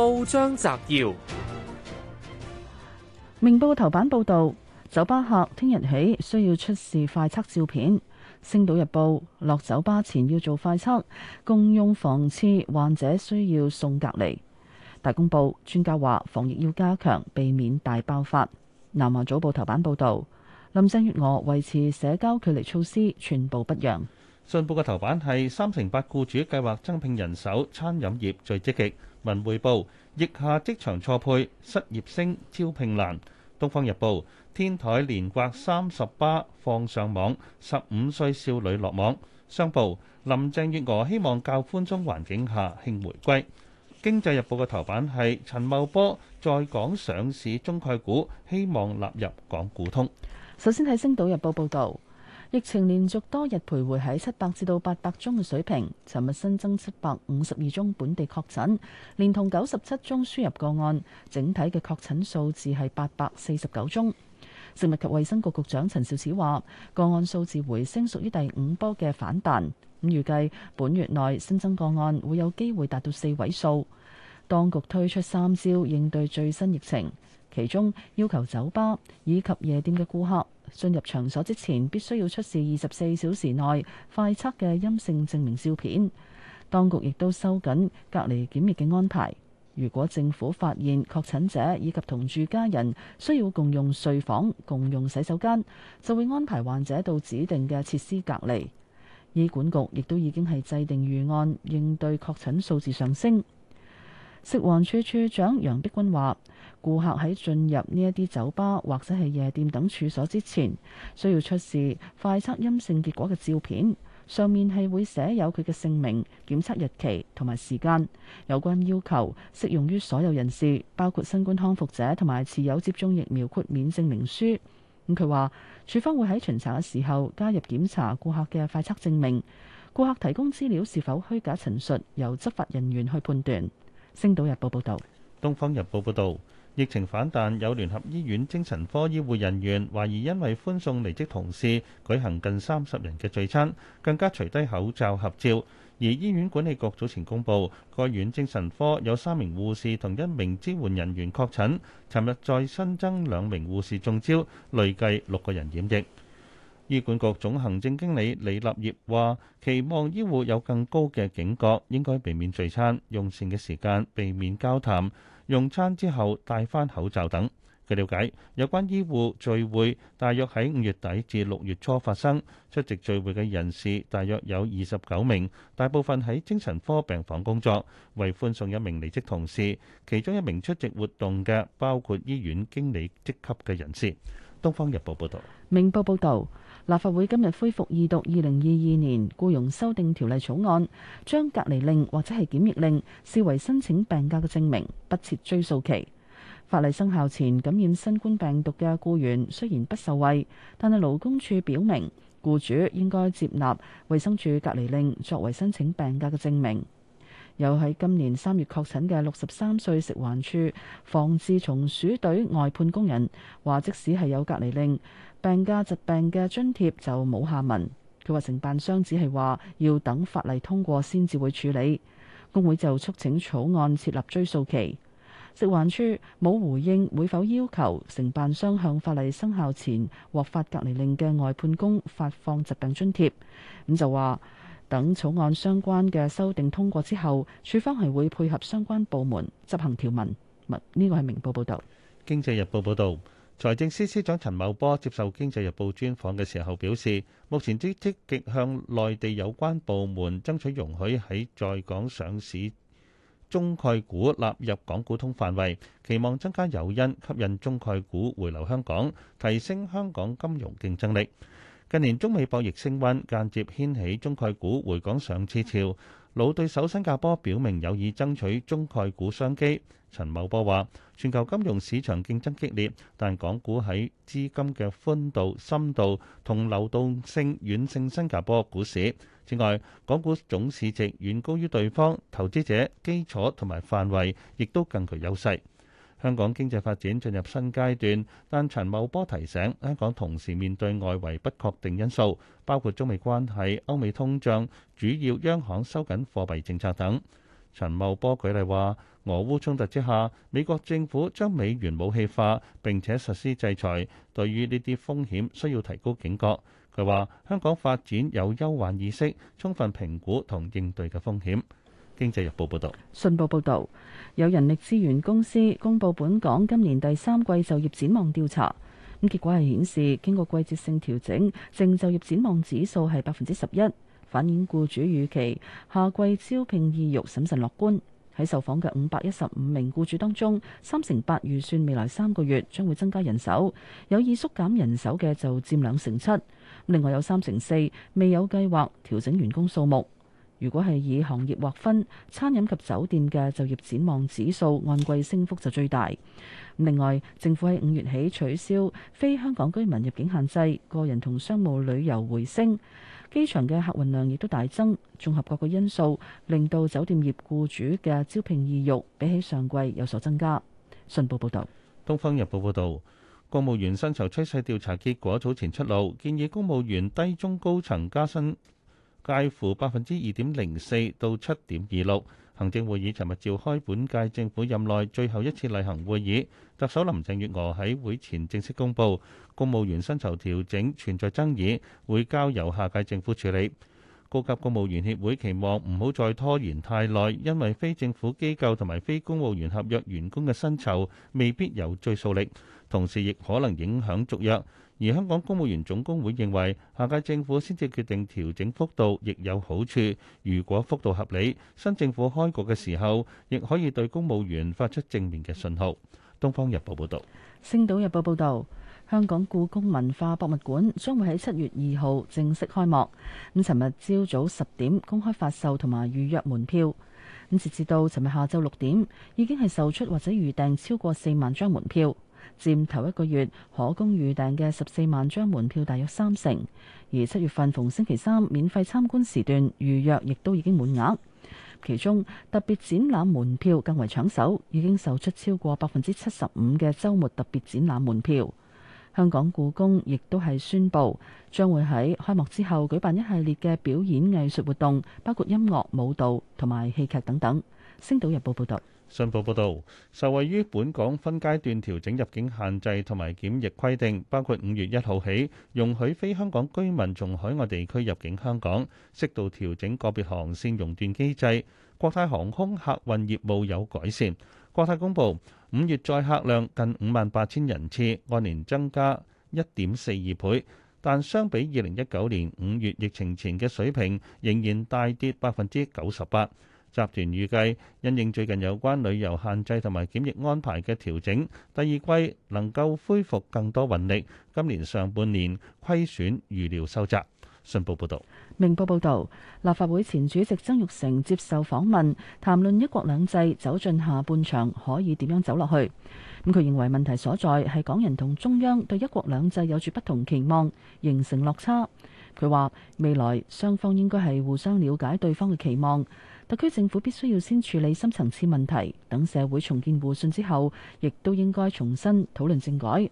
報章摘要：明報頭版報道，酒吧客聽日起需要出示快測照片。星島日報：落酒吧前要做快測，共用房廁患者需要送隔離。大公報：專家話防疫要加強，避免大爆發。南華早報頭版報道，林鄭月娥維持社交距離措施，全部不讓。信報嘅頭版係三成八僱主計劃增聘人手，餐飲業最積極。文匯報疫下職場錯配失業升招聘難。東方日報天台連刮三十巴放上網，十五歲少女落網。商報林鄭月娥希望較寬鬆環境下慶回歸。經濟日報嘅頭版係陳茂波在港上市中概股希望納入港股通。首先睇《星島日報》報道。疫情連續多日徘徊喺七百至到八百宗嘅水平。尋日新增七百五十二宗本地確診，連同九十七宗輸入個案，整體嘅確診數字係八百四十九宗。食物及衛生局局長陳肇始話，個案數字回升屬於第五波嘅反彈。咁預計本月內新增個案會有機會達到四位數。當局推出三招應對最新疫情，其中要求酒吧以及夜店嘅顧客。進入場所之前，必須要出示二十四小時內快測嘅陰性證明照片。當局亦都收緊隔離檢疫嘅安排。如果政府發現確診者以及同住家人需要共用睡房、共用洗手間，就會安排患者到指定嘅設施隔離。醫管局亦都已經係制定預案，應對確診數字上升。食環署署長楊碧君話，顧客喺進入呢一啲酒吧或者係夜店等處所之前，需要出示快測陰性結果嘅照片，上面係會寫有佢嘅姓名、檢測日期同埋時間。有關要求適用於所有人士，包括新冠康復者同埋持有接種疫苗豁免證明書。咁佢話，處方會喺巡查嘅時候加入檢查顧客嘅快測證明，顧客提供資料是否虛假陳述，由執法人員去判斷。《星島日報》報道，《東方日報》報道，疫情反彈，有聯合醫院精神科醫護人員懷疑因為歡送離職同事舉行近三十人嘅聚餐，更加除低口罩合照。而醫院管理局早前公布，該院精神科有三名護士同一名支援人員確診，尋日再新增兩名護士中招，累計六個人染疫。醫管局總行政經理李立業話：期望醫護有更高嘅警覺，應該避免聚餐、用膳嘅時間，避免交談，用餐之後戴翻口罩等。據了解，有關醫護聚會大約喺五月底至六月初發生，出席聚會嘅人士大約有二十九名，大部分喺精神科病房工作，為歡送一名離職同事。其中一名出席活動嘅包括醫院經理職級嘅人士。東方日報報道，明報報道。立法會今日恢復二讀二零二二年僱傭修訂條例草案，將隔離令或者係檢疫令視為申請病假嘅證明，不設追溯期。法例生效前感染新冠病毒嘅僱員雖然不受惠，但係勞工處表明雇主應該接納衛生署隔離令作為申請病假嘅證明。又喺今年三月確診嘅六十三歲食環處防治蟲鼠隊外判工人話，即使係有隔離令，病假疾病嘅津貼就冇下文。佢話承辦商只係話要等法例通過先至會處理，工會就促請草案設立追溯期。食環處冇回應會否要求承辦商向法例生效前獲發隔離令嘅外判工發放疾病津貼，咁就話。等草案相關嘅修訂通過之後，署方係會配合相關部門執行條文。呢個係明報報導，《經濟日報》報導，財政司司長陳茂波接受《經濟日報》專訪嘅時候表示，目前正積極向內地有關部門爭取容許喺在港上市中概股納入港股通範圍，期望增加誘因，吸引中概股回流香港，提升香港金融競爭力。近年中美博弈升温，間接掀起中概股回港上市潮。老對手新加坡表明有意爭取中概股商機，陳茂波話全球金融市場競爭激烈，但港股喺資金嘅寬度、深度同流動性遠勝新加坡股市。此外，港股總市值遠高於對方，投資者基礎同埋範圍亦都更具優勢。香港經濟發展進入新階段，但陳茂波提醒，香港同時面對外圍不確定因素，包括中美關係、歐美通脹、主要央行收緊貨幣政策等。陳茂波舉例話，俄烏衝突之下，美國政府將美元武器化，並且實施制裁，對於呢啲風險需要提高警覺。佢話，香港發展有憂患意識，充分評估同應對嘅風險。經濟日報報導，信報報導，有人力資源公司公布本港今年第三季就業展望調查，咁結果係顯示，經過季節性調整，淨就業展望指數係百分之十一，反映雇主預期下季招聘意欲審慎樂觀。喺受訪嘅五百一十五名雇主當中，三成八預算未來三個月將會增加人手，有意縮減人手嘅就佔兩成七，另外有三成四未有計劃調整員工數目。如果係以行業劃分，餐飲及酒店嘅就業展望指數按季升幅就最大。另外，政府喺五月起取消非香港居民入境限制，個人同商務旅遊回升，機場嘅客運量亦都大增。綜合各個因素，令到酒店業僱主嘅招聘意欲比起上季有所增加。信報報導，《東方日報》報導，公務員薪酬趨勢調查結果早前出爐，建議公務員低中高層加薪。介乎百分之二點零四到七點二六。行政會議尋日召開本屆政府任內最後一次例行會議，特首林鄭月娥喺會前正式公布公務員薪酬調整存在爭議，會交由下屆政府處理。高級公務員協會期望唔好再拖延太耐，因為非政府機構同埋非公務員合約員工嘅薪酬未必有追溯力，同時亦可能影響續約。而香港公務員總工會認為下屆政府先至決定調整幅度，亦有好處，如果幅度合理，新政府開局嘅時候，亦可以對公務員發出正面嘅信號。東方日報報道。星島日報報道，香港故宮文化博物館將會喺七月二號正式開幕。咁，尋日朝早十點公開發售同埋預約門票。咁，截至到尋日下晝六點已經係售出或者預訂超過四萬張門票。佔頭一個月可供預訂嘅十四萬張門票大約三成，而七月份逢星期三免費參觀時段預約亦都已經滿額。其中特別展覽門票更為搶手，已經售出超過百分之七十五嘅週末特別展覽門票。香港故宮亦都係宣布將會喺開幕之後舉辦一系列嘅表演藝術活動，包括音樂、舞蹈同埋戲劇等等。星島日報報道。信報報導，受惠於本港分階段調整入境限制同埋檢疫規定，包括五月一號起容許非香港居民從海外地區入境香港，適度調整個別航線熔斷機制。國泰航空客運業務有改善。國泰公布五月載客量近五萬八千人次，按年增加一點四二倍，但相比二零一九年五月疫情前嘅水平，仍然大跌百分之九十八。集團預計因應最近有關旅遊限制同埋檢疫安排嘅調整，第二季能夠恢復更多運力，今年上半年虧損預料收窄。信報報導，明報報道：立法會前主席曾鈺成接受訪問，談論一國兩制走進下半場可以點樣走落去。咁佢認為問題所在係港人同中央對一國兩制有住不同期望，形成落差。佢話：未來雙方應該係互相了解對方嘅期望，特區政府必須要先處理深層次問題，等社會重建互信之後，亦都應該重新討論政改。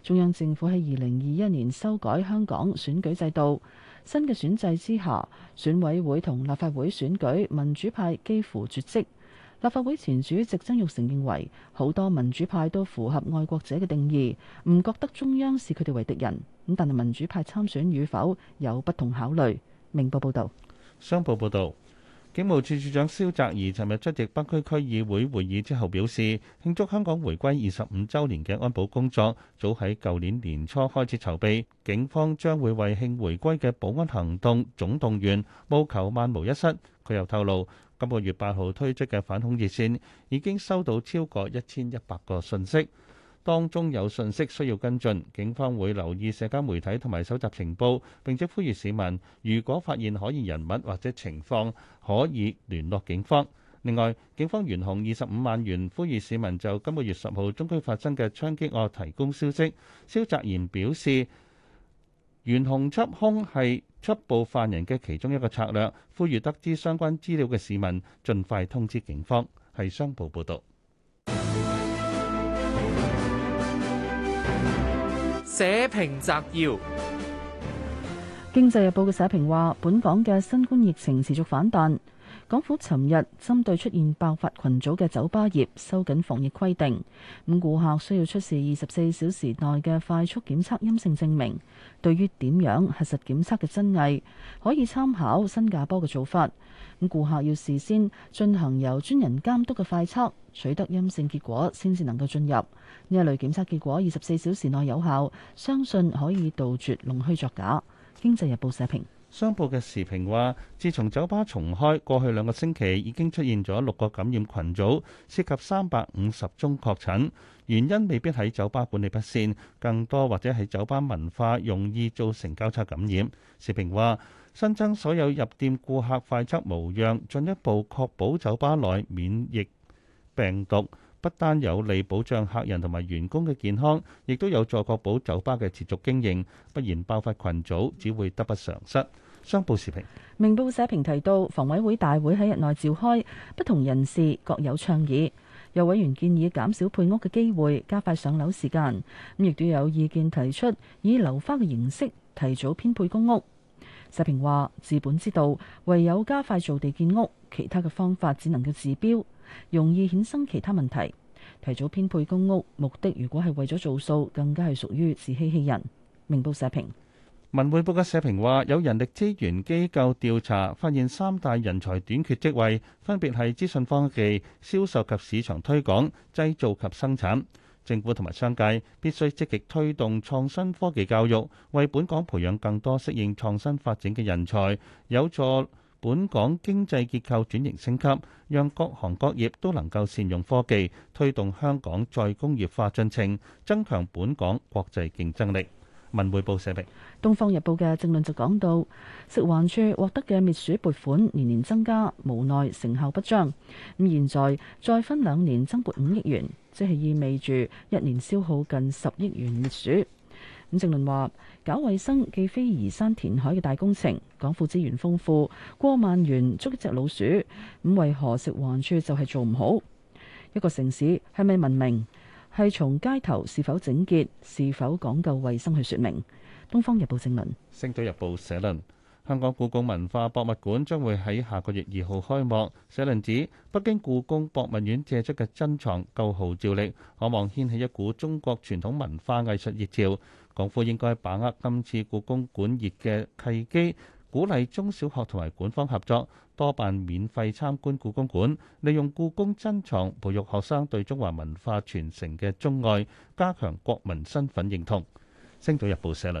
中央政府喺二零二一年修改香港選舉制度，新嘅選制之下，選委會同立法會選舉民主派幾乎絕跡。立法會前主席曾鈺成認為，好多民主派都符合愛國者嘅定義，唔覺得中央視佢哋為敵人。咁但係民主派參選與否有不同考慮。明報報道：「商報報道，警務處處長蕭澤頤尋日出席北區區議會會議之後表示，慶祝香港回歸二十五週年嘅安保工作早喺舊年年初開始籌備，警方將會為慶回歸嘅保安行動總動員，務求萬無一失。佢又透露。今個月八號推出嘅反恐熱線已經收到超過一千一百個信息，當中有信息需要跟進，警方會留意社交媒體同埋搜集情報，並且呼籲市民如果發現可疑人物或者情況，可以聯絡警方。另外，警方懸紅二十五萬元呼籲市民就今個月十號中區發生嘅槍擊案提供消息。蕭澤頤表示。懸紅緝凶係緝捕犯人嘅其中一個策略，呼籲得知相關資料嘅市民盡快通知警方。係商報報道。社評摘要：經濟日報嘅社評話，本港嘅新冠疫情持續反彈。港府尋日針對出現爆發群組嘅酒吧業收緊防疫規定，咁顧客需要出示二十四小時內嘅快速檢測陰性證明。對於點樣核實檢測嘅真偽，可以參考新加坡嘅做法。咁顧客要事先進行由專人監督嘅快測，取得陰性結果先至能夠進入。呢一類檢測結果二十四小時內有效，相信可以杜絕弄虛作假。經濟日報社評。商報嘅時評話，自從酒吧重開，過去兩個星期已經出現咗六個感染群組，涉及三百五十宗確診。原因未必喺酒吧管理不善，更多或者喺酒吧文化容易造成交叉感染。時評話，新增所有入店顧客快測無恙，進一步確保酒吧內免疫病毒。不單有利保障客人同埋員工嘅健康，亦都有助確保酒吧嘅持續經營。不然爆發群組，只會得不償失。商報時評，明報社評提到，房委會大會喺日內召開，不同人士各有倡議。有委員建議減少配屋嘅機會，加快上樓時間。咁亦都有意見提出以樓花嘅形式提早編配公屋。社評話：治本之道，唯有加快造地建屋，其他嘅方法只能夠治標。容易衍生其他問題，提早編配公屋目的，如果係為咗做數，更加係屬於自欺欺人。明報社評。文匯報嘅社評話，有人力資源機構調查發現，三大人才短缺職位分別係資訊科技、銷售及市場推廣、製造及生產。政府同埋商界必須積極推動創新科技教育，為本港培養更多適應創新發展嘅人才，有助本港經濟結構轉型升級，讓各行各業都能夠善用科技，推動香港再工業化進程，增強本港國際競爭力。文匯報社評，《東方日報》嘅政論就講到，食環署獲得嘅滅鼠撥款年年增加，無奈成效不彰。咁現在再分兩年增撥五億元，即係意味住一年消耗近十億元滅鼠。正論話：搞衛生既非移山填海嘅大工程，港府資源豐富，過萬元捉一隻老鼠，咁為何食環處就係做唔好？一個城市係咪文明，係從街頭是否整潔、是否講究衛生去說明。東方日報正論。星島日報社論：香港故宮文化博物館將會喺下個月二號開幕。社論指，北京故宮博物院借出嘅珍藏夠號召力，可望掀起一股中國傳統文化藝術熱潮。港府應該把握今次故宮館熱嘅契機，鼓勵中小學同埋館方合作，多辦免費參觀故宮館，利用故宮珍藏培育學生對中華文化傳承嘅鍾愛，加強國民身份認同。星島日報社論。